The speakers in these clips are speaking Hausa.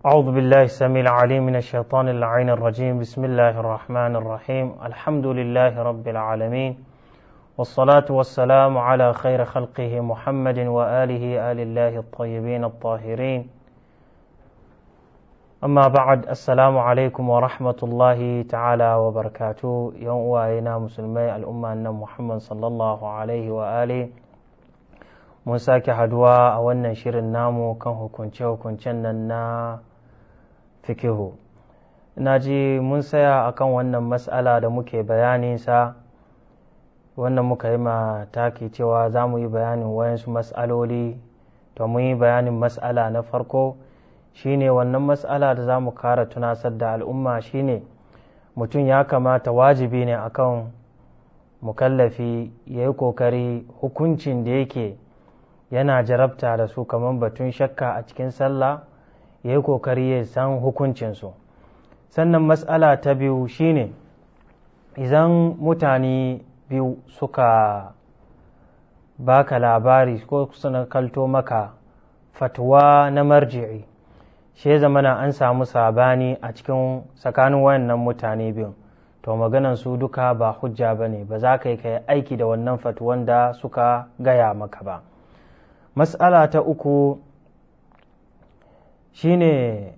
أعوذ بالله السميع العليم من الشيطان اللعين الرجيم بسم الله الرحمن الرحيم الحمد لله رب العالمين والصلاة والسلام على خير خلقه محمد وآله آل الله الطيبين الطاهرين أما بعد السلام عليكم ورحمة الله تعالى وبركاته يوم وأينا مسلمي الأمة أن محمد صلى الله عليه وآله موسى sake أولنا شير النامو shirin كنشو kan hukunce fikihu na ji mun saya akan wannan matsala da muke bayaninsa wannan muka yi ma taki cewa za mu yi bayanin wayansu matsaloli to mun yi bayanin matsala na farko shine wannan matsala da za mu kara tunasar da al'umma shine mutum ya kamata wajibi ne akan mukallafi ya yi kokari hukuncin da yake yana jarabta da su kamar batun shakka a cikin sallah ya yi kokari ya san hukuncinsu sannan matsala ta biyu shine idan mutane biyu suka baka labari ko suna kalto maka fatuwa na marji'i shi zamana an samu sabani a cikin tsakanin wayannan mutane biyu to maganan su duka ba hujja ba ne ba za ka yi kai aiki da wannan fatuwan da suka gaya maka ba matsala ta uku shine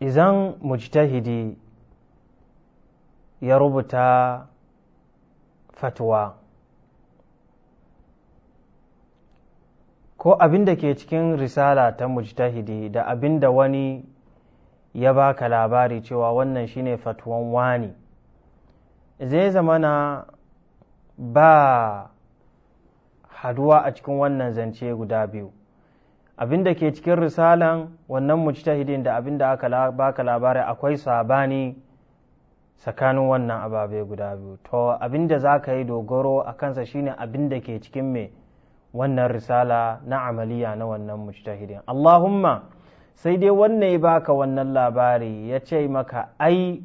izan mujtahidi ya rubuta fatwa ko abin da ke cikin risala ta mujtahidi da abin da wani ya baka labari cewa wannan shine fatuwan wani zai zamana ba haduwa a cikin wannan zance guda biyu abin da ke cikin risalan wannan mujtahidin da abin da aka baka labari akwai sabani tsakanin wannan ababe guda biyu to abin da za ka yi dogoro a kansa shine abin da ke cikin mai wannan risala na amaliya na wannan mujtahidin allahumma sai dai wannan ya baka wannan labari ya ce maka ai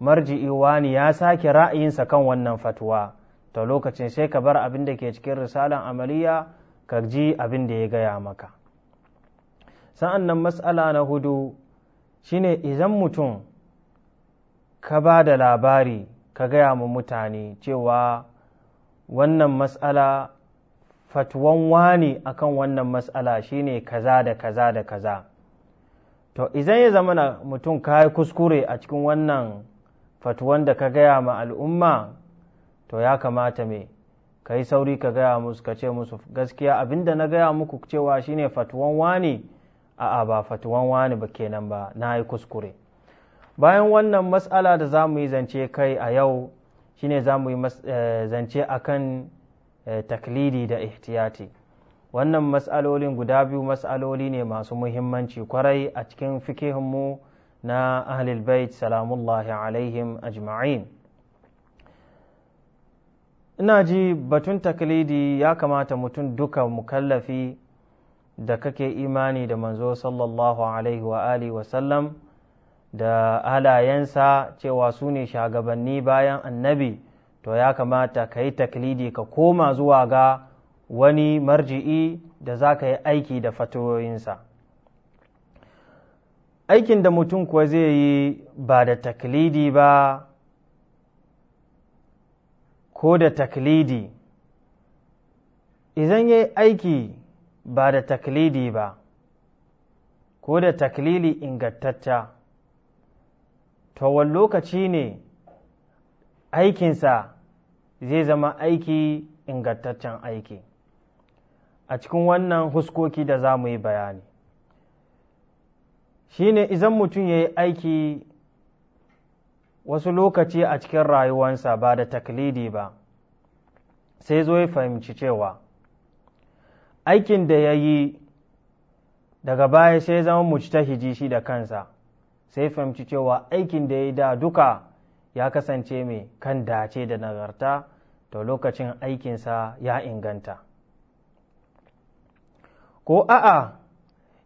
marji'i wani ya sake ra'ayinsa kan wannan fatuwa to lokacin sai ka bar abin da ke cikin risalan amaliya ka ji abin da ya gaya maka sa'an nan matsala na hudu shi ne izan mutum ka ba da labari ka gaya ma mutane cewa wannan matsala fatuwan wani akan wannan matsala ne kaza da kaza da kaza to izan ya zama mutum ka yi kuskure a cikin wannan fatuwan da ka gaya ma al'umma to ya kamata me ka yi sauri ka gaya musu ka ce musu gaskiya abinda na gaya muku cewa shi ne fatuwan wani a'a ba fatuwan wani ba kenan ba na yi kuskure bayan wannan matsala da za mu yi zance kai a yau shine za mu yi eh, zance akan eh, taklidi da ihtiyati wannan matsalolin guda biyu matsaloli ne masu muhimmanci kwarai a cikin fikihinmu na ahlul bait salamullahi alaihim ajma'in ina ji batun taklidi ya kamata mutum duka mukallafi da kake imani da manzo sallallahu alaihi wa alihi wasallam da halayensa cewa su ne shagabanni bayan annabi to ya kamata ka yi taklidi ka koma zuwa ga wani marji'i da za ka yi aiki da fatoyinsa aikin da mutum kuwa zai yi ba da taklidi ba ko da taklidi Izan ya yi aiki ba da taklidi ba ko da taklili ingantacca to wani lokaci ne aikinsa zai zama aiki ingantaccen aiki a cikin wannan huskoki da za mu yi bayani Shi ne izan mutum ya yi aiki wasu lokaci a cikin rayuwansa ba da taklidi ba sai zo ya fahimci cewa aikin da ya yi daga baya sai zama hiji shi da kansa sai fahimci cewa aikin da ya yi da duka ya kasance mai kan dace da nagarta to lokacin aikinsa ya inganta ko a'a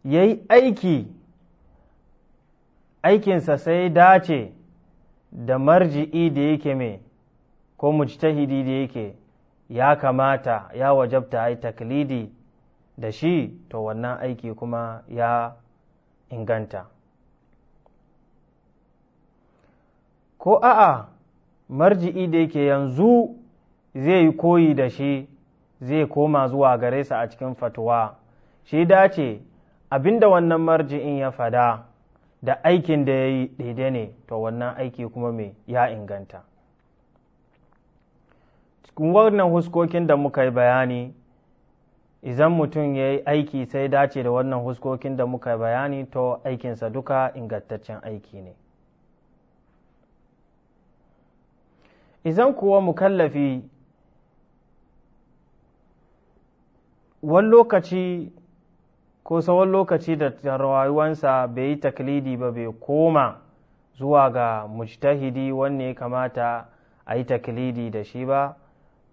ya yi aiki aikinsa sai dace da marji'i da yake mai ko mujtahidi da yake ya kamata ya wajabta a yi taklidi da shi to wannan aiki kuma ya inganta ko a'a marji'i da yake yanzu zai yi koyi da shi zai koma zuwa gare sa a cikin fatuwa shi dace abinda wannan marji'in ya fada da aikin da ya yi daidai ne to wannan aiki kuma mai ya inganta cikin wannan huskokin da muka yi bayani idan mutum ya yi aiki sai dace da wannan huskokin da muka bayani to aikinsa duka ingantaccen aiki ne idan kuwa mukallafi wani lokaci ko tsawon lokaci da rayuwansa bai yi taklidi ba bai koma zuwa ga mujtahidi wanne ya kamata a yi taklidi da shi ba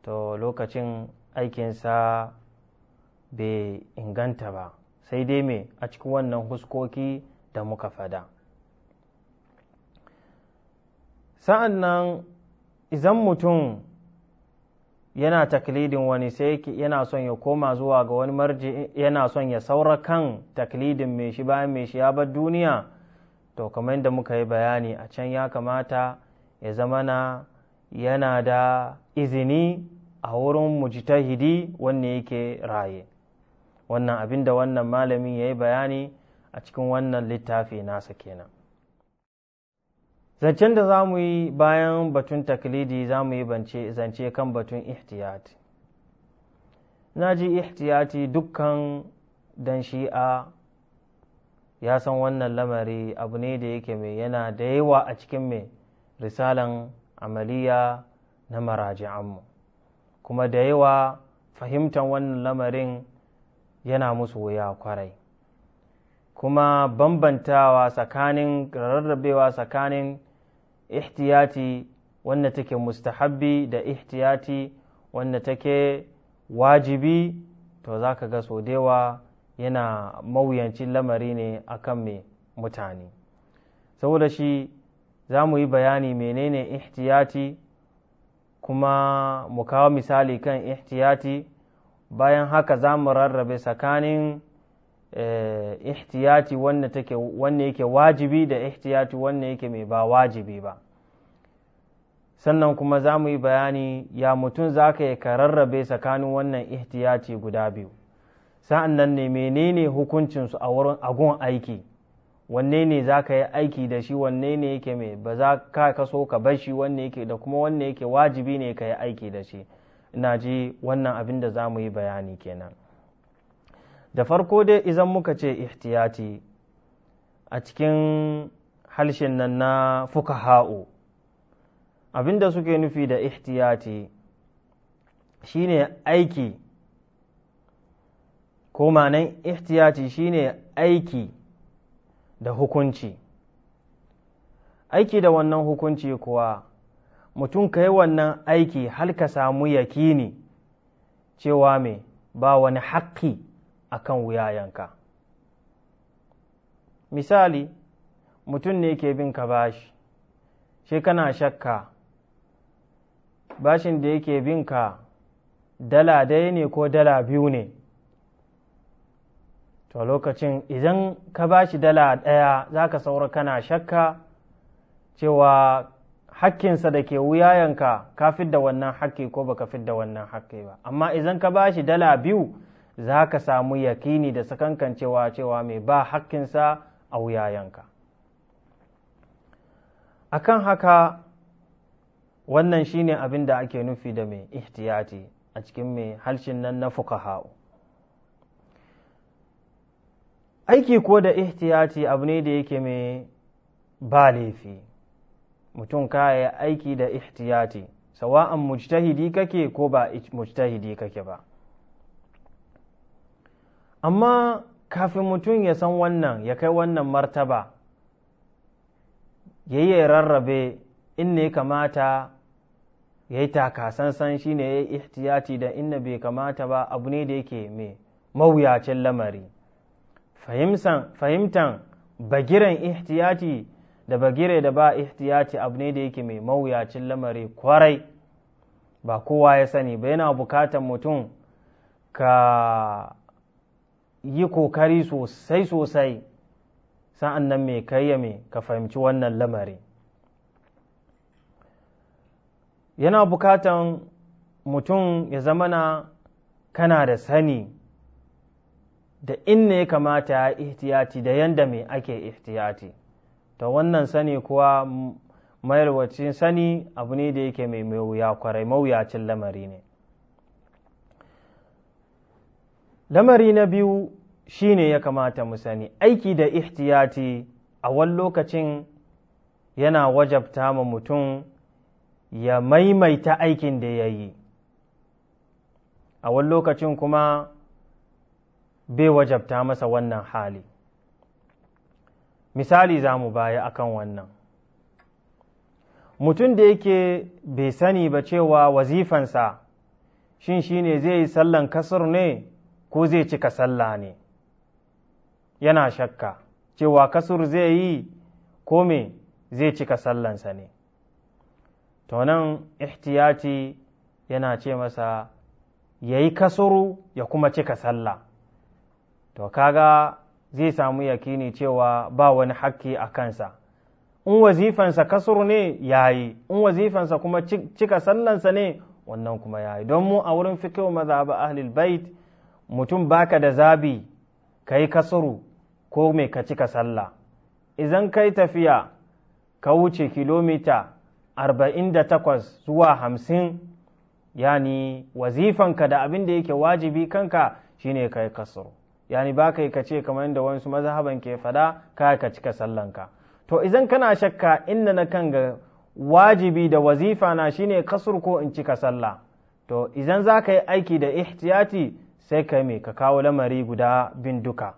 to lokacin aikinsa bai inganta ba sai dai me a cikin wannan huskoki da muka fada sa'an nan izan mutum yana taklidin wani sai yana son ya koma zuwa ga wani marji yana son ya saura kan taklidin mai shi bayan mai shi ya bar duniya to kamar yadda muka yi bayani a can ya kamata ya zama na yana da izini a wurin mujitahidi wanne yake raye wannan abin da wannan malamin ya yi bayani a cikin wannan littafi nasa kenan zancen da za mu yi bayan batun taklidi za mu yi zance kan batun ihtiyati na ji ihtiyati dukkan dan shi'a ya san wannan lamari abu ne da yake mai yana da yawa a cikin mai risalan amaliya na maraji'anmu kuma da yawa fahimtar wannan lamarin yana musu wuya kwarai kuma bambantawa tsakanin rarrabewa tsakanin ihtiyati wanda take mustahabbi da ihtiyati wanda take wajibi to za ka ga sodewa yana mawuyancin lamari ne akan mai mutane saboda shi za mu yi bayani menene ihtiyati kuma mu kawo misali kan ihtiyati bayan haka za mu rarrabe tsakanin eh, ihtiyati wanne yake wajibi da ihtiyati wanne yake mai ba wajibi ba sannan kuma za mu yi bayani ya mutum za ka yi ka rarrabe tsakanin wannan ihtiyati guda biyu sa'an nan ne menene hukuncinsu a wurin agun aiki wanne ne za ka yi aiki da shi wanne ne yake mai ba za ka kaso ka bashi wanne yake da kuma wanne yake wajibi ne ka yi aiki da shi ina ji wannan abin da za mu yi bayani kenan da farko dai idan muka ce ihtiyati a cikin halshen nan na fukaha'u abin da suke nufi da ihtiyati shine aiki ko manan ihtiyati shine aiki da hukunci aiki da wannan hukunci kuwa mutum ka yi wannan aiki har ka samu yakini cewa mai ba wani haƙƙi a kan wuyayenka misali mutum ne ke bin ka bashi shi kana shakka bashin da yake bin ka dala ɗaya ne ko dala biyu ne to lokacin idan ka bashi dala ɗaya za ka saura kana shakka cewa hakkinsa da ke wuyayanka ka fidda wannan hakki ko baka fidda wannan hakki ba amma idan ka bashi dala biyu za ka samu yakini da sakankan cewa cewa mai ba hakkinsa a wuyayanka akan haka wannan shine abin da ake nufi da mai ihtiyati a cikin mai halshin nan na fukaha'u aiki ko da ihtiyati abu ne da yake mai ba laifi mutum ka yi aiki da ihtiyati sawa'an mujtahidi kake ko ba mujtahidi kake ba amma kafin mutum ya san wannan ya kai wannan martaba ya yi rarrabe in ne kamata ya yi takasansan shi ne ya yi ihtiyati da inna bai kamata ba abu ne da yake mai mawuyacin lamari fahimtan bagiran ihtiyati da bagire da ba ihtiyaci abu ne da yake mai mawuyacin lamari kwarai ba kowa ya sani ba yana bukatan mutum ka yi kokari sosai sosai sa'an nan mai kayyame ka fahimci wannan lamari yana bukatan mutum ya zama zamana kana da sani da inna ya kamata ya ihtiyati da yanda mai ake ihtiyati. ta wannan sani kuwa mayarwacin sani abu ne da yake mai wuya kwarai mawuyacin lamari ne lamari na biyu shi ne ya kamata mu sani aiki da ihtiyati a wani lokacin yana wajabta ma mutum ya maimaita aikin da ya yi a wani lokacin kuma bai wajabta masa wannan hali misali za mu baya kan wannan mutum da yake bai sani ba cewa wazifansa shin shine zai yi sallan kasar ne ko zai cika sallah ne yana shakka cewa kasur zai yi ko me zai cika sallansa ne to nan ihtiyati yana ce masa ya yi kasuru ya kuma cika sallah to kaga zai samu yakini cewa ba wani hakki a kansa in wazifansa kasuru ne ya yi. in wazifansa kuma cika sallansa ne wannan kuma ya yi. don mu a wurin maza ba ahlul bait mutum baka da zabi kai kasuru ko me ka cika sallah idan kai tafiya ka wuce kilomita arba'in da takwas zuwa hamsin yani wazifanka da abin da yake wajibi kanka shine kai kasuru yani ba kai ka ce kamar yadda wasu mazhaban ke fada ka ka cika sallanka to idan kana shakka inna na kan ga wajibi da wazifa na shine kasur ko in cika sallah to idan za ka yi aiki da ihtiyati sai ka me ka kawo lamari guda bin duka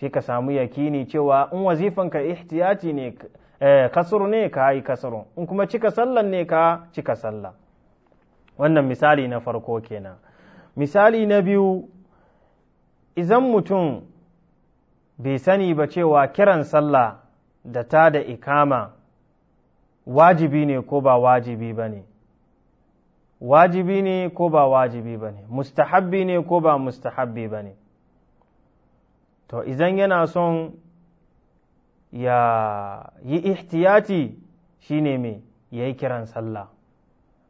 sai ka samu yakini cewa in wazifanka ihtiyati ne eh, kasur ne ka yi kasuru in kuma cika sallan ne ka cika sallah wannan misali na farko kenan misali na biyu izan mutum bai sani ba cewa kiran sallah da ta da ikama wajibi ne ko ba wajibi ba ne wajibi ne ko ba wajibi ba ne mustahabbi ne ko ba mustahabbi ba ne to izan yana son ya yi ihtiyati shine mai ya yi kiran sallah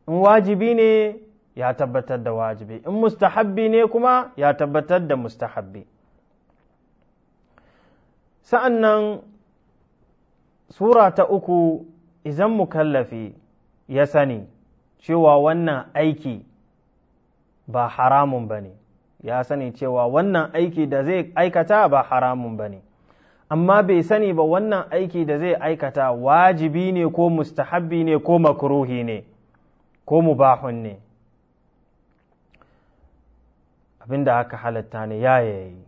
in wajibi ne ya tabbatar da wajibi in mustahabbi ne kuma ya tabbatar da mustahabbi Sa'annan sura ta uku izan mukallafi ya sani cewa wannan aiki ba haramun ba ne ya sani cewa wannan aiki da zai aikata ba haramun ba ne amma bai sani ba wannan aiki da zai aikata wajibi ne ko mustahabbi ne ko makruhi ne ko mubahun ne Abin da aka halatta ne ya yayi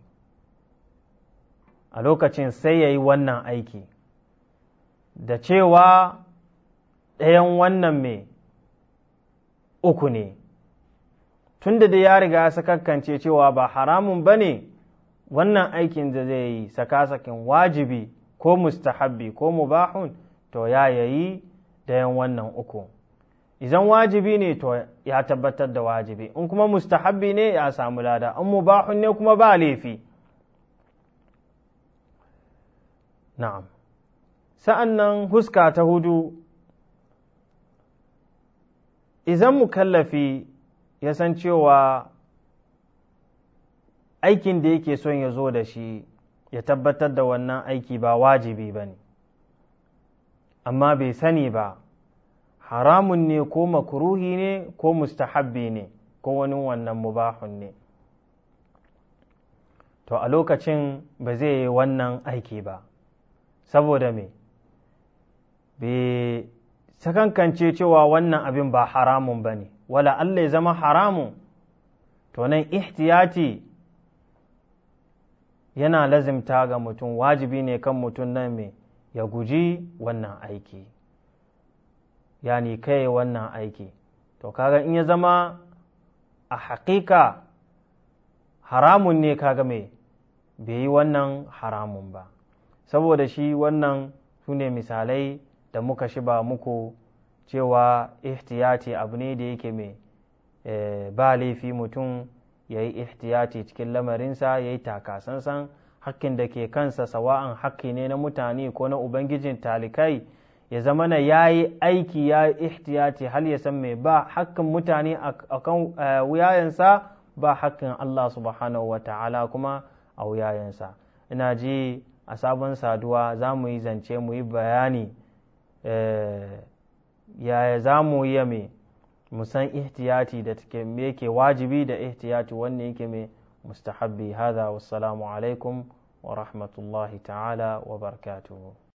a lokacin sai ya yi wannan aiki da cewa ɗayan wannan mai uku ne tunda da ya riga sakakkance cewa ba haramun ba ne wannan aikin da zai yi sakasakin wajibi ko mustahabbi ko mubahun to ya yayi ɗayan wannan uku idan wajibi ne to ya tabbatar da wajibi in kuma mustahabbi ne ya samu lada in mubahun ne kuma ba laifi na'am sa'an nan huska ta hudu idan mukallafi ya san cewa aikin da yake son ya zo da shi ya tabbatar da wannan aiki ba wajibi ba ne amma bai sani ba haramun ne ko makuruhi ne ko mustahabbi ne ko wani wannan mubahun ne to a lokacin ba zai yi wannan aiki ba saboda me bai sakankance cewa wannan abin ba haramun ba ne wala Allah ya zama haramun to nan ihtiyati yana lazimta ga mutum wajibi ne kan mutum nan me ya guji wannan aiki yani kai wannan aiki to kaga in ya zama a haƙiƙa haramun ne kaga mai bai yi wannan haramun ba saboda shi wannan su ne misalai da muka shiba muku cewa ihtiyati abu ne da yake mai eh, ba laifi mutum ya yi ihtiyati cikin lamarinsa ya yi takasansan hakkin da ke kansa sawa'an hakki ne na mutane ko na ubangijin talikai ya zama na ya yi aiki ya yi ihtiyati hal ya san mai ba hakkin mutane a kan eh, wuyayensa ba hakkin Allah subhanahu wa ta'ala kuma a wuyayensa ina ji a sabon saduwa za mu yi zance mu yi bayani eh, yaya za mu yi mai musan ihtiyati da take me yake wajibi da ihtiyati wanne yake mai mustahabbi hada wassalamu alaikum wa rahmatullahi ta'ala wa barakatuhu